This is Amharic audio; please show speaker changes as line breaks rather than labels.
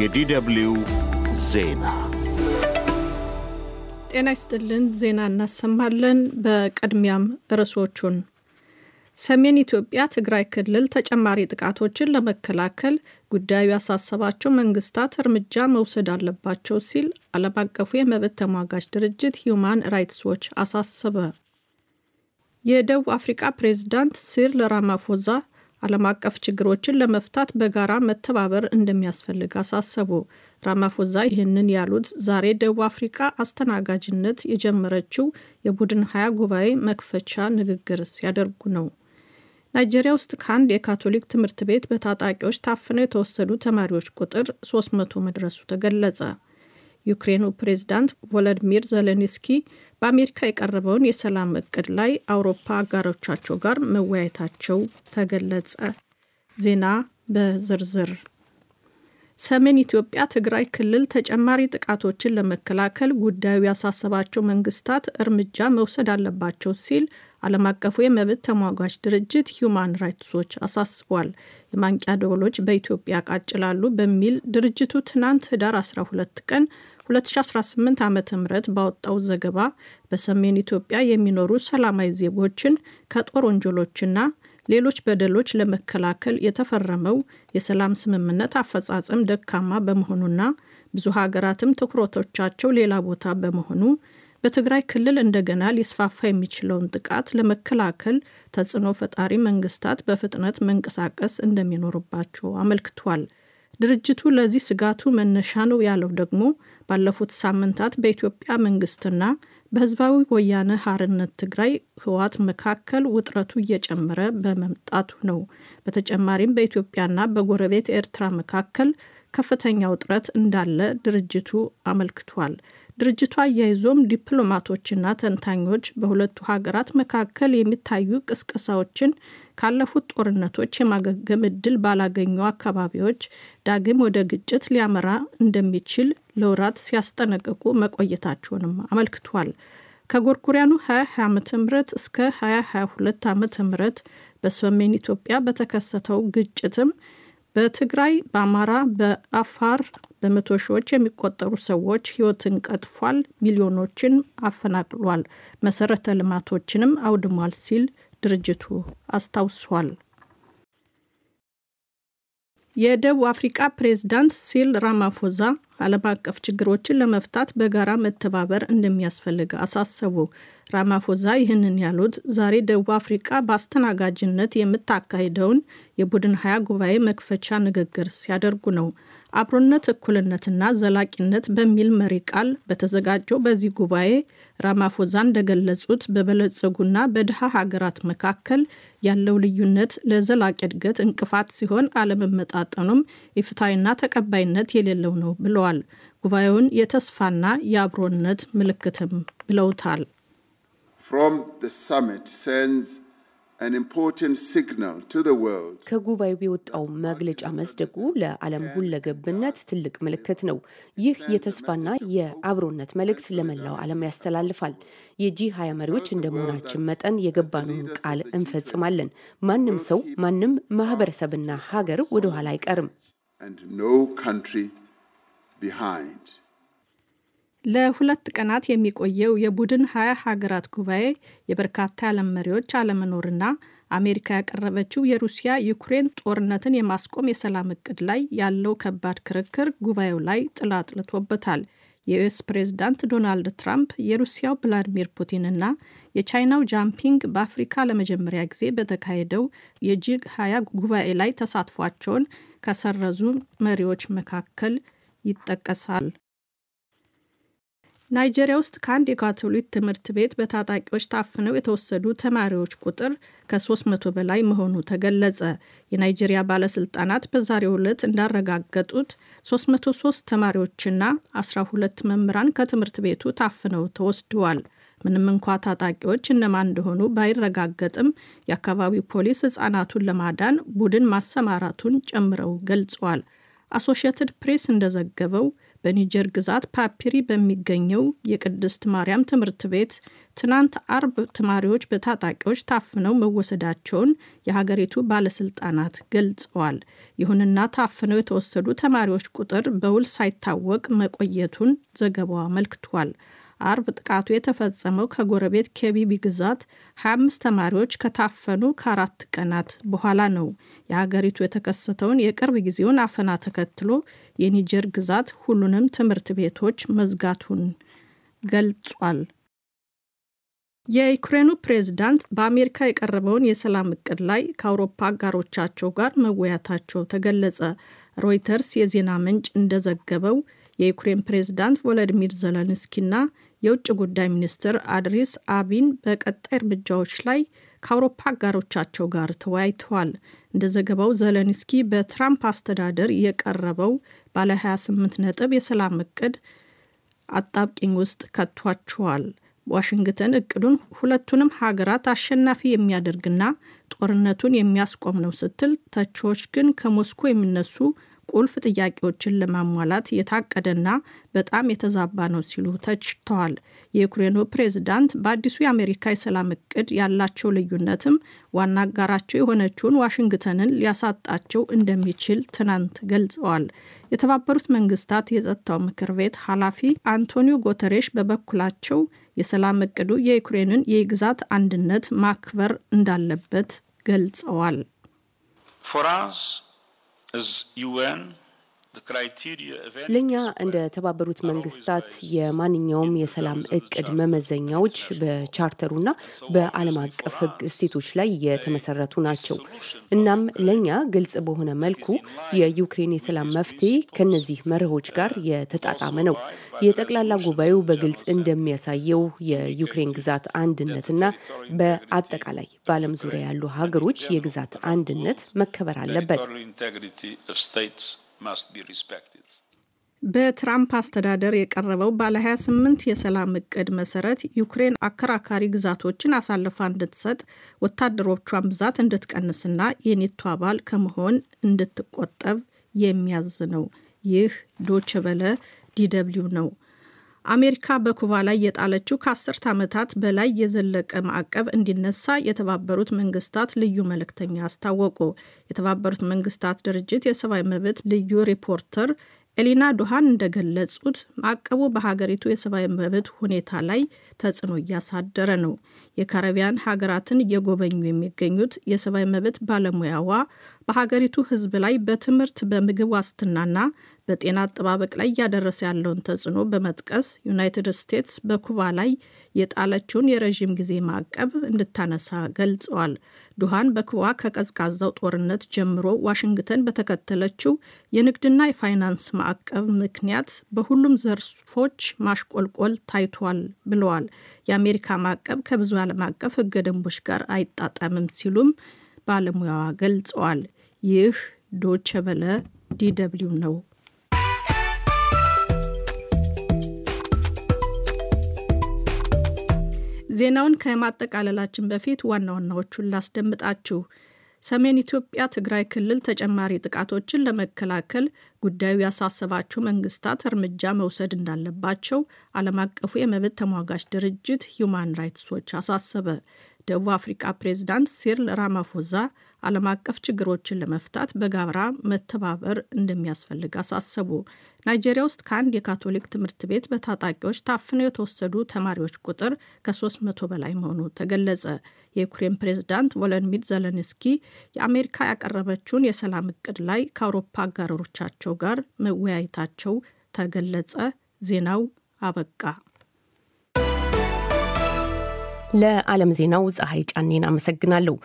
የዲደብልዩ ዜና ጤና ይስጥልን። ዜና እናሰማለን። በቅድሚያም ርዕሶቹን ሰሜን ኢትዮጵያ ትግራይ ክልል ተጨማሪ ጥቃቶችን ለመከላከል ጉዳዩ ያሳሰባቸው መንግስታት እርምጃ መውሰድ አለባቸው ሲል አለም አቀፉ የመብት ተሟጋች ድርጅት ሂዩማን ራይትስ ዎች አሳሰበ። የደቡብ አፍሪካ ፕሬዝዳንት ሲር ራማፎዛ ዓለም አቀፍ ችግሮችን ለመፍታት በጋራ መተባበር እንደሚያስፈልግ አሳሰቡ። ራማፎዛ ይህንን ያሉት ዛሬ ደቡብ አፍሪካ አስተናጋጅነት የጀመረችው የቡድን ሀያ ጉባኤ መክፈቻ ንግግር ሲያደርጉ ነው። ናይጄሪያ ውስጥ ከአንድ የካቶሊክ ትምህርት ቤት በታጣቂዎች ታፍነው የተወሰዱ ተማሪዎች ቁጥር 300 መድረሱ ተገለጸ። ዩክሬኑ ፕሬዝዳንት ቮለዲሚር ዘለንስኪ በአሜሪካ የቀረበውን የሰላም እቅድ ላይ አውሮፓ አጋሮቻቸው ጋር መወያየታቸው ተገለጸ። ዜና በዝርዝር ሰሜን ኢትዮጵያ ትግራይ ክልል ተጨማሪ ጥቃቶችን ለመከላከል ጉዳዩ ያሳሰባቸው መንግስታት እርምጃ መውሰድ አለባቸው ሲል ዓለም አቀፉ የመብት ተሟጋች ድርጅት ሂዩማን ራይትስ ዎች አሳስቧል። የማንቂያ ደወሎች በኢትዮጵያ ቃጭላሉ በሚል ድርጅቱ ትናንት ህዳር 12 ቀን 2018 ዓ ም ባወጣው ዘገባ በሰሜን ኢትዮጵያ የሚኖሩ ሰላማዊ ዜጎችን ከጦር ወንጀሎችና ሌሎች በደሎች ለመከላከል የተፈረመው የሰላም ስምምነት አፈጻጸም ደካማ በመሆኑና ብዙ ሀገራትም ትኩረቶቻቸው ሌላ ቦታ በመሆኑ በትግራይ ክልል እንደገና ሊስፋፋ የሚችለውን ጥቃት ለመከላከል ተጽዕኖ ፈጣሪ መንግስታት በፍጥነት መንቀሳቀስ እንደሚኖርባቸው አመልክቷል። ድርጅቱ ለዚህ ስጋቱ መነሻ ነው ያለው ደግሞ ባለፉት ሳምንታት በኢትዮጵያ መንግስትና በህዝባዊ ወያነ ሀርነት ትግራይ ህወሓት መካከል ውጥረቱ እየጨመረ በመምጣቱ ነው። በተጨማሪም በኢትዮጵያና በጎረቤት ኤርትራ መካከል ከፍተኛ ውጥረት እንዳለ ድርጅቱ አመልክቷል። ድርጅቱ አያይዞም ዲፕሎማቶችና ተንታኞች በሁለቱ ሀገራት መካከል የሚታዩ ቅስቀሳዎችን ካለፉት ጦርነቶች የማገገም እድል ባላገኙ አካባቢዎች ዳግም ወደ ግጭት ሊያመራ እንደሚችል ለውራት ሲያስጠነቅቁ መቆየታቸውንም አመልክቷል። ከጎርጎሪያኑ 2020 ዓ.ም እስከ 2022 ምት በሰሜን ኢትዮጵያ በተከሰተው ግጭትም በትግራይ፣ በአማራ፣ በአፋር በመቶ ሺዎች የሚቆጠሩ ሰዎች ህይወትን ቀጥፏል፣ ሚሊዮኖችን አፈናቅሏል፣ መሰረተ ልማቶችንም አውድሟል ሲል ድርጅቱ አስታውሷል። የደቡብ አፍሪቃ ፕሬዝዳንት ሲል ራማፎዛ ዓለም አቀፍ ችግሮችን ለመፍታት በጋራ መተባበር እንደሚያስፈልግ አሳሰቡ። ራማፎዛ ይህንን ያሉት ዛሬ ደቡብ አፍሪቃ በአስተናጋጅነት የምታካሂደውን የቡድን ሀያ ጉባኤ መክፈቻ ንግግር ሲያደርጉ ነው። አብሮነት እኩልነትና ዘላቂነት በሚል መሪ ቃል በተዘጋጀው በዚህ ጉባኤ ራማፎዛ እንደገለጹት በበለጸጉና በድሃ ሀገራት መካከል ያለው ልዩነት ለዘላቂ እድገት እንቅፋት ሲሆን፣ አለመመጣጠኑም ኢፍትሐዊና ተቀባይነት የሌለው ነው ብለዋል። ብለዋል። ጉባኤውን የተስፋና የአብሮነት ምልክትም ብለውታል። ከጉባኤው የወጣው መግለጫ መስደጉ ለዓለም ሁለገብነት ትልቅ ምልክት ነው። ይህ የተስፋና የአብሮነት መልእክት ለመላው ዓለም ያስተላልፋል። የጂ ሀያ መሪዎች እንደመሆናችን መጠን የገባንን ቃል እንፈጽማለን። ማንም ሰው፣ ማንም ማህበረሰብና ሀገር ወደኋላ አይቀርም። behind. ለሁለት ቀናት የሚቆየው የቡድን ሀያ ሀገራት ጉባኤ የበርካታ የዓለም መሪዎች አለመኖርና አሜሪካ ያቀረበችው የሩሲያ ዩክሬን ጦርነትን የማስቆም የሰላም እቅድ ላይ ያለው ከባድ ክርክር ጉባኤው ላይ ጥላ ጥልቶበታል። የዩኤስ ፕሬዝዳንት ዶናልድ ትራምፕ የሩሲያው ቭላዲሚር ፑቲንና የቻይናው ጃምፒንግ በአፍሪካ ለመጀመሪያ ጊዜ በተካሄደው የጂ ሀያ ጉባኤ ላይ ተሳትፏቸውን ከሰረዙ መሪዎች መካከል ይጠቀሳል። ናይጄሪያ ውስጥ ከአንድ የካቶሊክ ትምህርት ቤት በታጣቂዎች ታፍነው የተወሰዱ ተማሪዎች ቁጥር ከ300 በላይ መሆኑ ተገለጸ። የናይጄሪያ ባለስልጣናት በዛሬው ዕለት እንዳረጋገጡት 303 ተማሪዎችና 12 መምህራን ከትምህርት ቤቱ ታፍነው ተወስደዋል። ምንም እንኳ ታጣቂዎች እነማን እንደሆኑ ባይረጋገጥም የአካባቢው ፖሊስ ሕፃናቱን ለማዳን ቡድን ማሰማራቱን ጨምረው ገልጸዋል። አሶሺየትድ ፕሬስ እንደዘገበው በኒጀር ግዛት ፓፒሪ በሚገኘው የቅድስት ማርያም ትምህርት ቤት ትናንት አርብ ተማሪዎች በታጣቂዎች ታፍነው መወሰዳቸውን የሀገሪቱ ባለስልጣናት ገልጸዋል። ይሁንና ታፍነው የተወሰዱ ተማሪዎች ቁጥር በውል ሳይታወቅ መቆየቱን ዘገባው አመልክቷል። አርብ ጥቃቱ የተፈጸመው ከጎረቤት ከቢቢ ግዛት 25 ተማሪዎች ከታፈኑ ከአራት ቀናት በኋላ ነው። የሀገሪቱ የተከሰተውን የቅርብ ጊዜውን አፈና ተከትሎ የኒጀር ግዛት ሁሉንም ትምህርት ቤቶች መዝጋቱን ገልጿል። የዩክሬኑ ፕሬዝዳንት በአሜሪካ የቀረበውን የሰላም እቅድ ላይ ከአውሮፓ አጋሮቻቸው ጋር መወያታቸው ተገለጸ። ሮይተርስ የዜና ምንጭ እንደዘገበው የዩክሬን ፕሬዝዳንት ቮሎዲሚር ዘለንስኪና የውጭ ጉዳይ ሚኒስትር አድሪስ አቢን በቀጣይ እርምጃዎች ላይ ከአውሮፓ አጋሮቻቸው ጋር ተወያይተዋል። እንደ ዘገባው ዘለንስኪ በትራምፕ አስተዳደር የቀረበው ባለ 28 ነጥብ የሰላም እቅድ አጣብቂኝ ውስጥ ከቷቸዋል። ዋሽንግተን እቅዱን ሁለቱንም ሀገራት አሸናፊ የሚያደርግና ጦርነቱን የሚያስቆም ነው ስትል፣ ተቺዎች ግን ከሞስኮ የሚነሱ ቁልፍ ጥያቄዎችን ለማሟላት የታቀደና በጣም የተዛባ ነው ሲሉ ተችተዋል። የዩክሬኑ ፕሬዝዳንት በአዲሱ የአሜሪካ የሰላም እቅድ ያላቸው ልዩነትም ዋና አጋራቸው የሆነችውን ዋሽንግተንን ሊያሳጣቸው እንደሚችል ትናንት ገልጸዋል። የተባበሩት መንግስታት የጸጥታው ምክር ቤት ኃላፊ አንቶኒዮ ጉተሬሽ በበኩላቸው የሰላም እቅዱ የዩክሬንን የግዛት አንድነት ማክበር እንዳለበት ገልጸዋል። as UN ለእኛ እንደ ተባበሩት መንግስታት የማንኛውም የሰላም እቅድ መመዘኛዎች በቻርተሩና በዓለም አቀፍ ሕግ እሴቶች ላይ የተመሰረቱ ናቸው። እናም ለእኛ ግልጽ በሆነ መልኩ የዩክሬን የሰላም መፍትሄ ከነዚህ መርሆች ጋር የተጣጣመ ነው። የጠቅላላ ጉባኤው በግልጽ እንደሚያሳየው የዩክሬን ግዛት አንድነትና በአጠቃላይ በዓለም ዙሪያ ያሉ ሀገሮች የግዛት አንድነት መከበር አለበት። በትራምፕ አስተዳደር የቀረበው ባለ 28 የሰላም እቅድ መሰረት ዩክሬን አከራካሪ ግዛቶችን አሳልፋ እንድትሰጥ ወታደሮቿን ብዛት እንድትቀንስና የኔቶ አባል ከመሆን እንድትቆጠብ የሚያዝ ነው። ይህ ዶችበለ ዲደብሊው ነው። አሜሪካ በኩባ ላይ የጣለችው ከአስርት ዓመታት በላይ የዘለቀ ማዕቀብ እንዲነሳ የተባበሩት መንግስታት ልዩ መልእክተኛ አስታወቁ። የተባበሩት መንግስታት ድርጅት የሰብአዊ መብት ልዩ ሪፖርተር ኤሊና ዱሃን እንደገለጹት ማዕቀቡ በሀገሪቱ የሰብአዊ መብት ሁኔታ ላይ ተጽዕኖ እያሳደረ ነው። የካረቢያን ሀገራትን እየጎበኙ የሚገኙት የሰብአዊ መብት ባለሙያዋ በሀገሪቱ ህዝብ ላይ በትምህርት በምግብ ዋስትናና በጤና አጠባበቅ ላይ እያደረሰ ያለውን ተጽዕኖ በመጥቀስ ዩናይትድ ስቴትስ በኩባ ላይ የጣለችውን የረዥም ጊዜ ማዕቀብ እንድታነሳ ገልጸዋል። ዱሃን በኩባ ከቀዝቃዛው ጦርነት ጀምሮ ዋሽንግተን በተከተለችው የንግድና የፋይናንስ ማዕቀብ ምክንያት በሁሉም ዘርፎች ማሽቆልቆል ታይቷል ብለዋል። የአሜሪካ ማዕቀብ ከብዙ ዓለም አቀፍ ህገ ደንቦች ጋር አይጣጣምም ሲሉም ባለሙያዋ ገልጸዋል። ይህ ዶቸ በለ ዲደብሊው ነው። ዜናውን ከማጠቃለላችን በፊት ዋና ዋናዎቹን ላስደምጣችሁ። ሰሜን ኢትዮጵያ ትግራይ ክልል ተጨማሪ ጥቃቶችን ለመከላከል ጉዳዩ ያሳሰባቸው መንግስታት እርምጃ መውሰድ እንዳለባቸው ዓለም አቀፉ የመብት ተሟጋች ድርጅት ሂዩማን ራይትስ ዎች አሳሰበ። ደቡብ አፍሪካ ፕሬዝዳንት ሲርል ራማፎዛ ዓለም አቀፍ ችግሮችን ለመፍታት በጋብራ መተባበር እንደሚያስፈልግ አሳሰቡ። ናይጄሪያ ውስጥ ከአንድ የካቶሊክ ትምህርት ቤት በታጣቂዎች ታፍነው የተወሰዱ ተማሪዎች ቁጥር ከ300 በላይ መሆኑ ተገለጸ። የዩክሬን ፕሬዝዳንት ቮሎዲሚር ዘለንስኪ የአሜሪካ ያቀረበችውን የሰላም እቅድ ላይ ከአውሮፓ አጋሮቻቸው ጋር መወያየታቸው ተገለጸ። ዜናው አበቃ። ለዓለም ዜናው ፀሐይ ጫኔን አመሰግናለሁ።